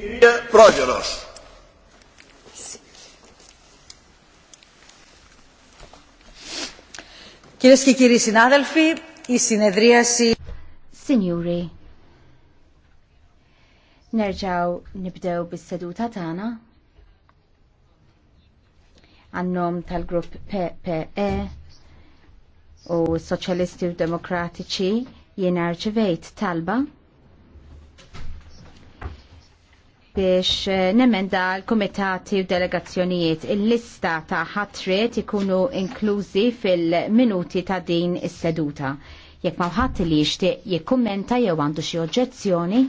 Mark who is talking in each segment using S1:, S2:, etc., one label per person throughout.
S1: Κυρία
S2: Κυρίες και κύριοι συνάδελφοι, η συνεδρίαση... Signori, nerġaw nibdew bis-seduta tagħna għannom tal-grupp PPE u Soċjalisti u Demokratiċi jien arċivejt talba biex eh, nemenda l-komitati u delegazzjonijiet il-lista ta' ħatret ikunu inklużi fil-minuti ta' din is-seduta. Jekk ma' ħadd li jixtieq jikkummenta jew għandu xi oġġezzjoni,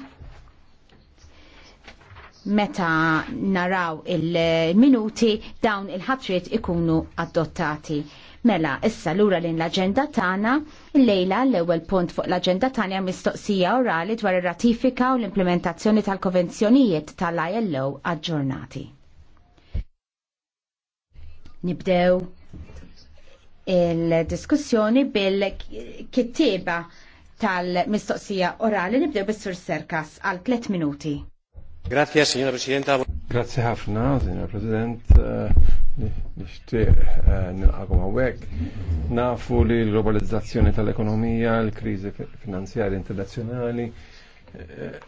S2: meta naraw il-minuti dawn il-ħatriet ikunu adottati. mela, issa lura ura l-agenda tana, l-lejla l-ewel punt fuq l-agenda tana mistoqsija orali dwar ir-ratifika u l-implementazzjoni tal-konvenzjonijiet tal-ILO aġġornati. Nibdew il-diskussjoni bil-kittiba tal-mistoqsija orali nibdew bis-sur Serkas għal 3 minuti.
S3: Grazie, signora Presidenta.
S4: Grazie ħafna, signora President. Nishtiq eh, nilqakom għawek. Nafu li l-globalizzazzjoni tal-ekonomija, l-krizi finanzjarja internazjonali, eh,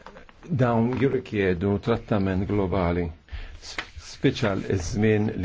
S4: dawn jirrikjedu trattament globali. Speċjal iż-żmien